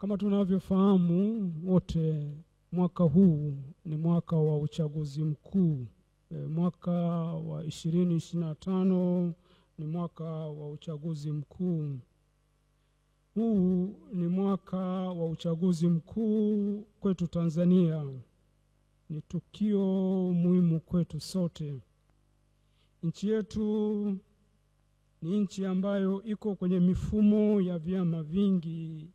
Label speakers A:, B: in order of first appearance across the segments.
A: Kama tunavyofahamu wote, mwaka huu ni mwaka wa uchaguzi mkuu. E, mwaka wa ishirini ishirini na tano ni mwaka wa uchaguzi mkuu. Huu ni mwaka wa uchaguzi mkuu kwetu Tanzania. Ni tukio muhimu kwetu sote. Nchi yetu ni nchi ambayo iko kwenye mifumo ya vyama vingi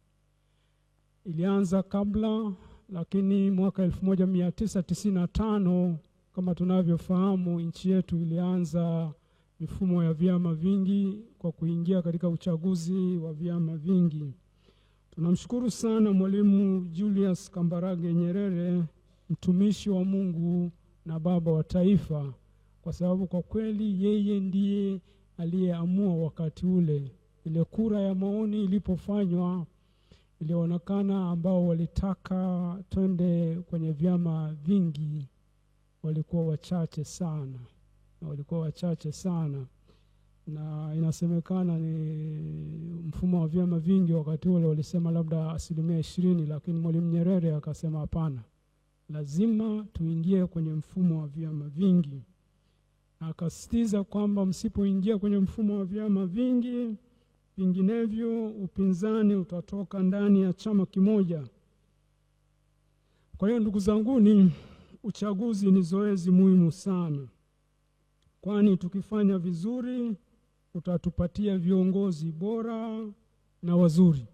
A: ilianza kabla, lakini mwaka 1995 kama tunavyofahamu, nchi yetu ilianza mifumo ya vyama vingi kwa kuingia katika uchaguzi wa vyama vingi. Tunamshukuru sana Mwalimu Julius Kambarage Nyerere, mtumishi wa Mungu na baba wa taifa, kwa sababu kwa kweli yeye ndiye aliyeamua wakati ule, ile kura ya maoni ilipofanywa ilionekana ambao walitaka twende kwenye vyama vingi walikuwa wachache sana, walikuwa wachache sana, na inasemekana ni mfumo wa vyama vingi wakati ule walisema labda asilimia ishirini, lakini Mwalimu Nyerere akasema hapana, lazima tuingie kwenye mfumo wa vyama vingi. akasitiza kwamba msipoingia kwenye mfumo wa vyama vingi vinginevyo upinzani utatoka ndani ya chama kimoja. Kwa hiyo ndugu zanguni, uchaguzi ni zoezi muhimu sana, kwani tukifanya vizuri utatupatia viongozi bora na wazuri.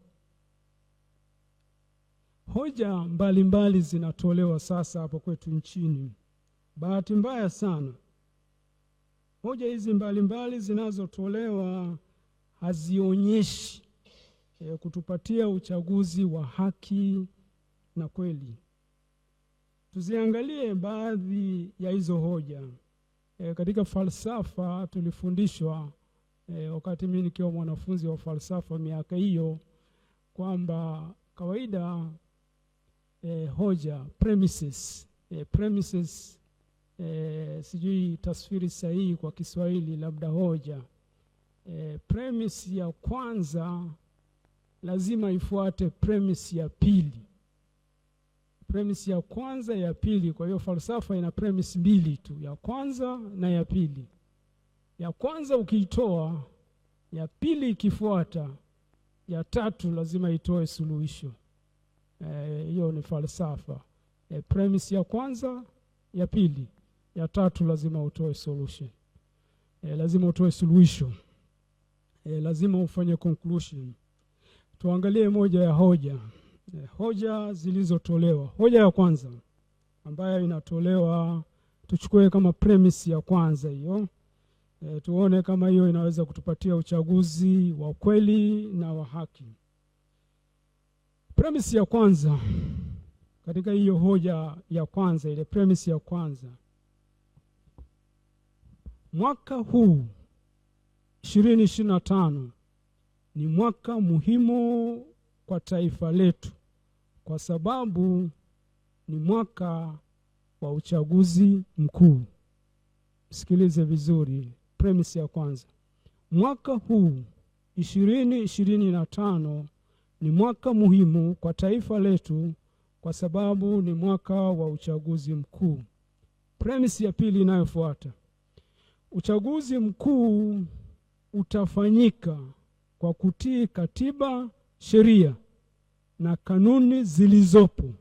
A: Hoja mbalimbali mbali zinatolewa sasa hapo kwetu nchini. Bahati mbaya sana hoja hizi mbalimbali mbali zinazotolewa hazionyeshi e, kutupatia uchaguzi wa haki na kweli. Tuziangalie baadhi ya hizo hoja e, katika falsafa tulifundishwa e, wakati mimi nikiwa mwanafunzi wa falsafa miaka hiyo kwamba kawaida e, hoja premises e, premises e, sijui taswiri sahihi kwa Kiswahili labda hoja eh, premise ya kwanza lazima ifuate premise ya pili, premise ya kwanza ya pili. Kwa hiyo falsafa ina premise mbili tu, ya kwanza na ya pili. Ya kwanza ukiitoa, ya pili ikifuata, ya tatu lazima itoe suluhisho. Eh, hiyo e, ni falsafa e, premise ya kwanza, ya pili, ya tatu lazima utoe solution e, lazima utoe suluhisho eh, lazima ufanye conclusion. Tuangalie moja ya hoja eh, hoja zilizotolewa. Hoja ya kwanza ambayo inatolewa, tuchukue kama premise ya kwanza hiyo eh, tuone kama hiyo inaweza kutupatia uchaguzi wa kweli na wa haki. Premise ya kwanza katika hiyo hoja ya kwanza, ile premise ya kwanza, mwaka huu ishirini ishirini na tano ni mwaka muhimu kwa taifa letu kwa sababu ni mwaka wa uchaguzi mkuu. Msikilize vizuri, premis ya kwanza, mwaka huu ishirini ishirini na tano ni mwaka muhimu kwa taifa letu kwa sababu ni mwaka wa uchaguzi mkuu. Premisi ya pili inayofuata, uchaguzi mkuu utafanyika kwa kutii katiba, sheria na kanuni zilizopo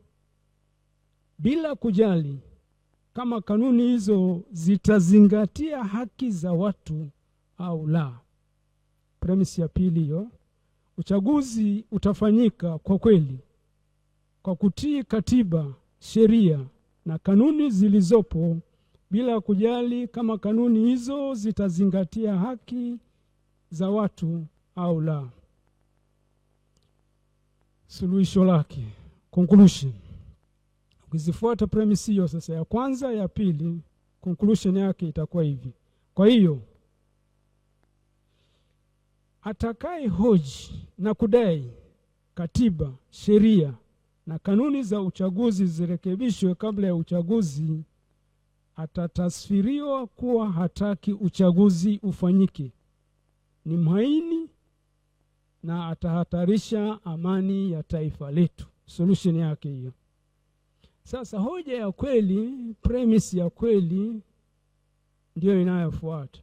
A: bila kujali kama kanuni hizo zitazingatia haki za watu au la. Premisi ya pili hiyo, uchaguzi utafanyika kwa kweli kwa kutii katiba, sheria na kanuni zilizopo bila kujali kama kanuni hizo zitazingatia haki za watu au la. Suluhisho lake, conclusion. Ukizifuata premise hiyo sasa, ya kwanza, ya pili, conclusion yake itakuwa hivi. Kwa hiyo atakaye hoji na kudai katiba, sheria na kanuni za uchaguzi zirekebishwe kabla ya uchaguzi, atatasfiriwa kuwa hataki uchaguzi ufanyike ni mhaini na atahatarisha amani ya taifa letu. Solution yake hiyo. Sasa hoja ya kweli, premise ya kweli ndiyo inayofuata.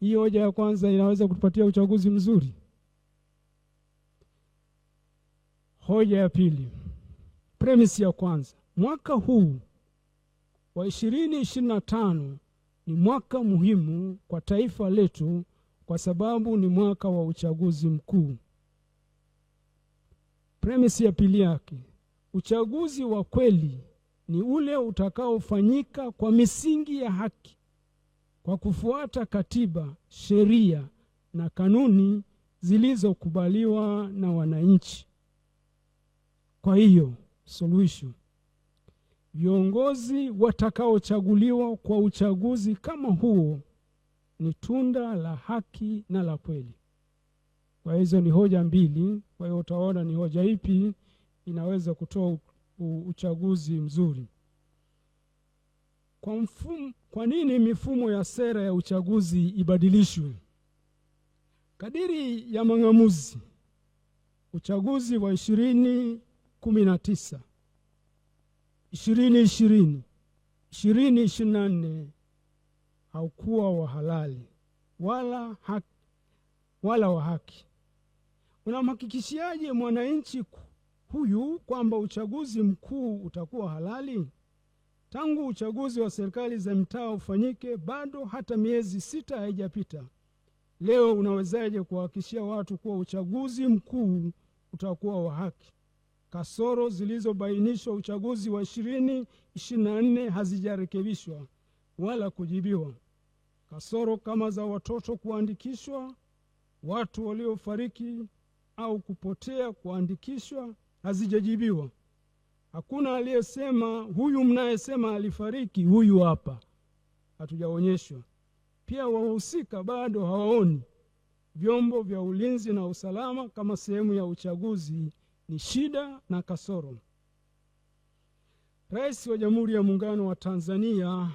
A: Hii hoja ya kwanza inaweza kutupatia uchaguzi mzuri. Hoja ya pili, premise ya kwanza, mwaka huu wa ishirini ishirini na tano ni mwaka muhimu kwa taifa letu kwa sababu ni mwaka wa uchaguzi mkuu. Premisi ya pili yake, uchaguzi wa kweli ni ule utakaofanyika kwa misingi ya haki, kwa kufuata katiba, sheria na kanuni zilizokubaliwa na wananchi. Kwa hiyo suluhisho, viongozi watakaochaguliwa kwa uchaguzi kama huo ni tunda la haki na la kweli. Kwa hizo ni hoja mbili. Kwa hiyo utaona ni hoja ipi inaweza kutoa uchaguzi mzuri. Kwa, mfumo, kwa nini mifumo ya sera ya uchaguzi ibadilishwe? Kadiri ya mang'amuzi, uchaguzi wa ishirini kumi na tisa, ishirini ishirini, ishirini ishirini na nne haukuwa wa halali wala haki, wala wa haki. Unamhakikishiaje mwananchi huyu kwamba uchaguzi mkuu utakuwa halali? Tangu uchaguzi wa serikali za mtaa ufanyike, bado hata miezi sita haijapita. Leo unawezaje kuwahakikishia watu kuwa uchaguzi mkuu utakuwa wa haki? Kasoro zilizobainishwa uchaguzi wa ishirini ishirini na nne hazijarekebishwa wala kujibiwa kasoro kama za watoto kuandikishwa, watu waliofariki au kupotea kuandikishwa hazijajibiwa. Hakuna aliyesema huyu mnayesema alifariki, huyu hapa, hatujaonyeshwa. Pia wahusika bado hawaoni. Vyombo vya ulinzi na usalama kama sehemu ya uchaguzi ni shida na kasoro. Rais wa Jamhuri ya Muungano wa Tanzania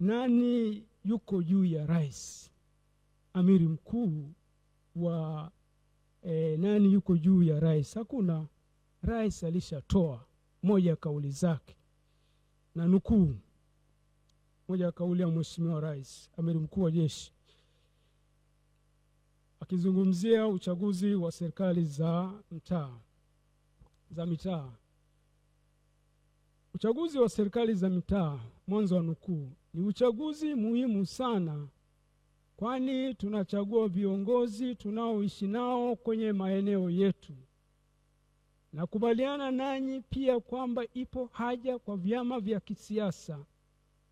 A: nani yuko juu ya rais, amiri mkuu wa e, nani yuko juu ya rais? Hakuna. Rais alishatoa moja ya kauli zake, na nukuu moja ya kauli ya mheshimiwa rais, amiri mkuu wa jeshi akizungumzia uchaguzi wa serikali za mtaa za mitaa uchaguzi wa serikali za mitaa, mwanzo wa nukuu. Ni uchaguzi muhimu sana, kwani tunachagua viongozi tunaoishi nao kwenye maeneo yetu. Nakubaliana nanyi pia kwamba ipo haja kwa vyama vya kisiasa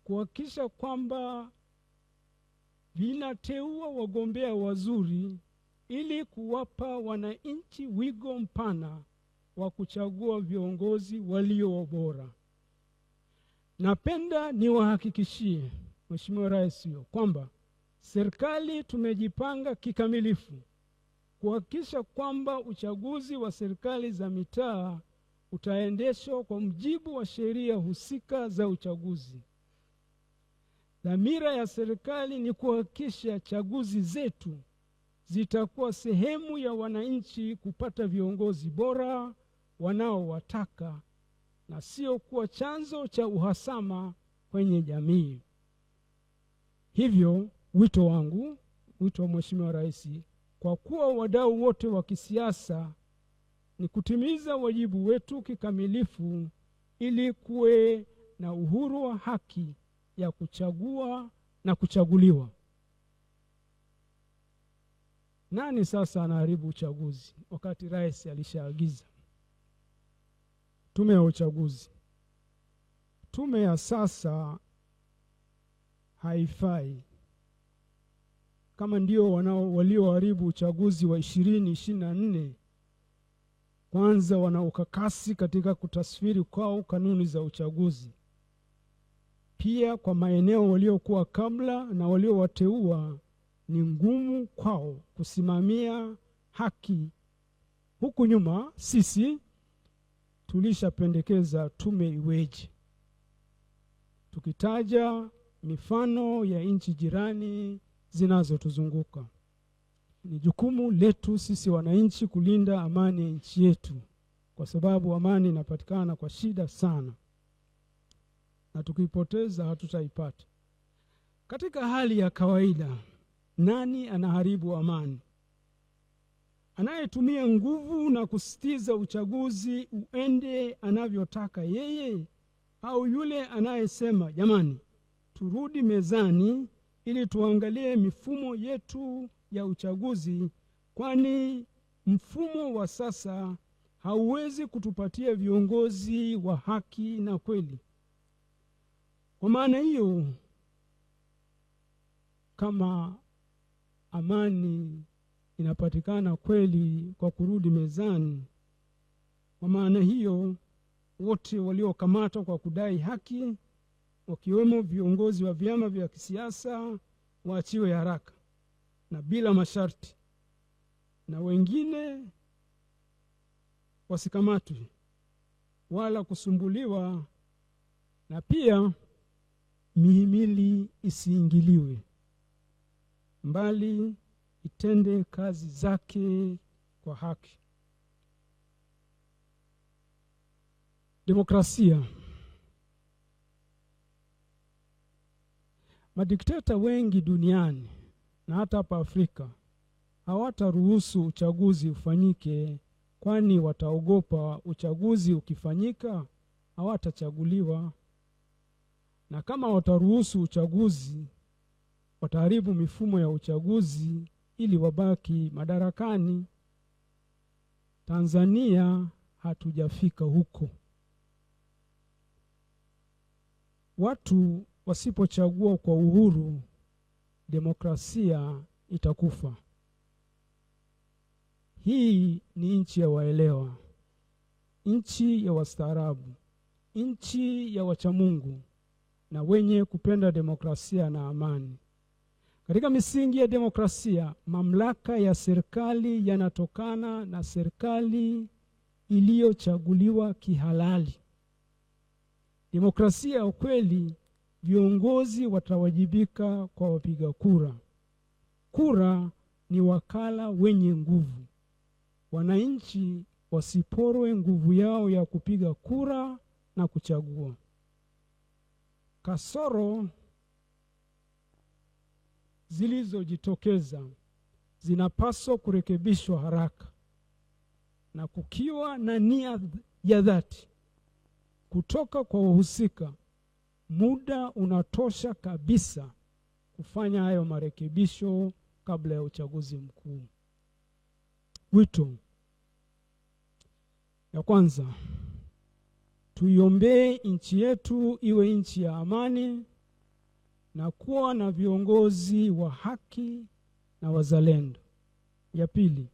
A: kuhakikisha kwamba vinateua wagombea wazuri ili kuwapa wananchi wigo mpana wa kuchagua viongozi walio bora. Napenda niwahakikishie Mheshimiwa Rais kwamba serikali tumejipanga kikamilifu kuhakikisha kwamba uchaguzi wa serikali za mitaa utaendeshwa kwa mujibu wa sheria husika za uchaguzi. Dhamira ya serikali ni kuhakikisha chaguzi zetu zitakuwa sehemu ya wananchi kupata viongozi bora wanaowataka na sio kuwa chanzo cha uhasama kwenye jamii. Hivyo wito wangu, wito wa Mheshimiwa Rais kwa kuwa wadau wote wa kisiasa ni kutimiza wajibu wetu kikamilifu ili kuwe na uhuru wa haki ya kuchagua na kuchaguliwa. Nani sasa anaharibu uchaguzi wakati rais alishaagiza? tume ya uchaguzi. Tume ya sasa haifai kama ndio wanao walioharibu uchaguzi wa ishirini ishirini na nne. Kwanza wana ukakasi katika kutasfiri kwao kanuni za uchaguzi, pia kwa maeneo waliokuwa kabla na waliowateua ni ngumu kwao kusimamia haki. Huku nyuma sisi tulishapendekeza tume iweje, tukitaja mifano ya nchi jirani zinazotuzunguka. Ni jukumu letu sisi wananchi kulinda amani ya nchi yetu, kwa sababu amani inapatikana kwa shida sana, na tukiipoteza hatutaipata. Katika hali ya kawaida, nani anaharibu amani? anayetumia nguvu na kusitiza uchaguzi uende anavyotaka yeye, au yule anayesema jamani, turudi mezani ili tuangalie mifumo yetu ya uchaguzi, kwani mfumo wa sasa hauwezi kutupatia viongozi wa haki na kweli. Kwa maana hiyo, kama amani inapatikana kweli kwa kurudi mezani. Kwa maana hiyo, wote waliokamatwa kwa kudai haki, wakiwemo viongozi wa vyama vya kisiasa, waachiwe haraka na bila masharti, na wengine wasikamatwe wala kusumbuliwa, na pia mihimili isiingiliwe mbali itende kazi zake kwa haki. Demokrasia. Madikteta wengi duniani na hata hapa Afrika hawataruhusu uchaguzi ufanyike, kwani wataogopa uchaguzi ukifanyika hawatachaguliwa, na kama wataruhusu uchaguzi wataharibu mifumo ya uchaguzi ili wabaki madarakani. Tanzania hatujafika huko. Watu wasipochagua kwa uhuru, demokrasia itakufa. Hii ni nchi ya waelewa, nchi ya wastaarabu, nchi ya wachamungu na wenye kupenda demokrasia na amani. Katika misingi ya demokrasia, mamlaka ya serikali yanatokana na serikali iliyochaguliwa kihalali. Demokrasia ukweli, viongozi watawajibika kwa wapiga kura. Kura ni wakala wenye nguvu. Wananchi wasiporwe nguvu yao ya kupiga kura na kuchagua. Kasoro zilizojitokeza zinapaswa kurekebishwa haraka na kukiwa na nia ya dhati kutoka kwa wahusika, muda unatosha kabisa kufanya hayo marekebisho kabla ya uchaguzi mkuu. Wito ya kwanza, tuiombee nchi yetu iwe nchi ya amani na kuwa na viongozi wa haki na wazalendo. Ya pili,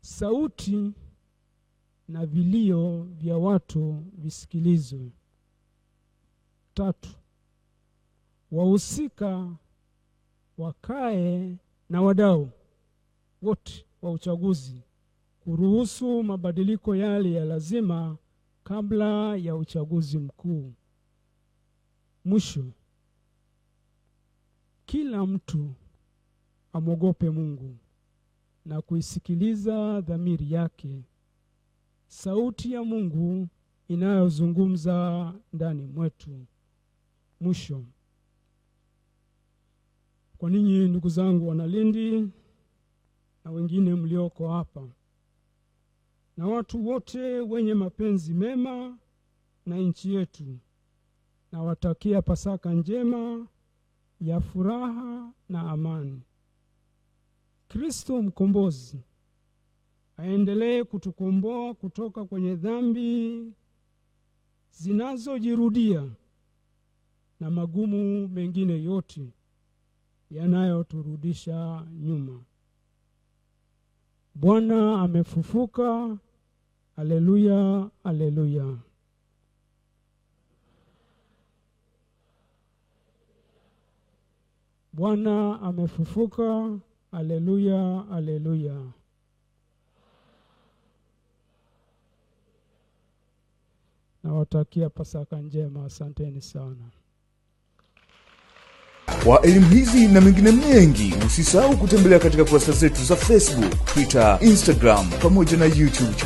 A: sauti na vilio vya watu visikilizwe. Tatu, wahusika wakae na wadau wote wa uchaguzi kuruhusu mabadiliko yale ya lazima kabla ya uchaguzi mkuu. Mwisho, kila mtu amwogope Mungu na kuisikiliza dhamiri yake, sauti ya Mungu inayozungumza ndani mwetu. Mwisho, kwa ninyi ndugu zangu Wanalindi na wengine mlioko hapa na watu wote wenye mapenzi mema na nchi yetu, nawatakia Pasaka njema ya furaha na amani. Kristo mkombozi aendelee kutukomboa kutoka kwenye dhambi zinazojirudia na magumu mengine yote yanayoturudisha nyuma. Bwana amefufuka! Aleluya, aleluya! Bwana amefufuka! Aleluya, aleluya! Nawatakia Pasaka njema, asanteni sana. Kwa elimu hizi na mengine mengi, usisahau kutembelea katika kurasa zetu za Facebook, Twitter, Instagram pamoja na YouTube.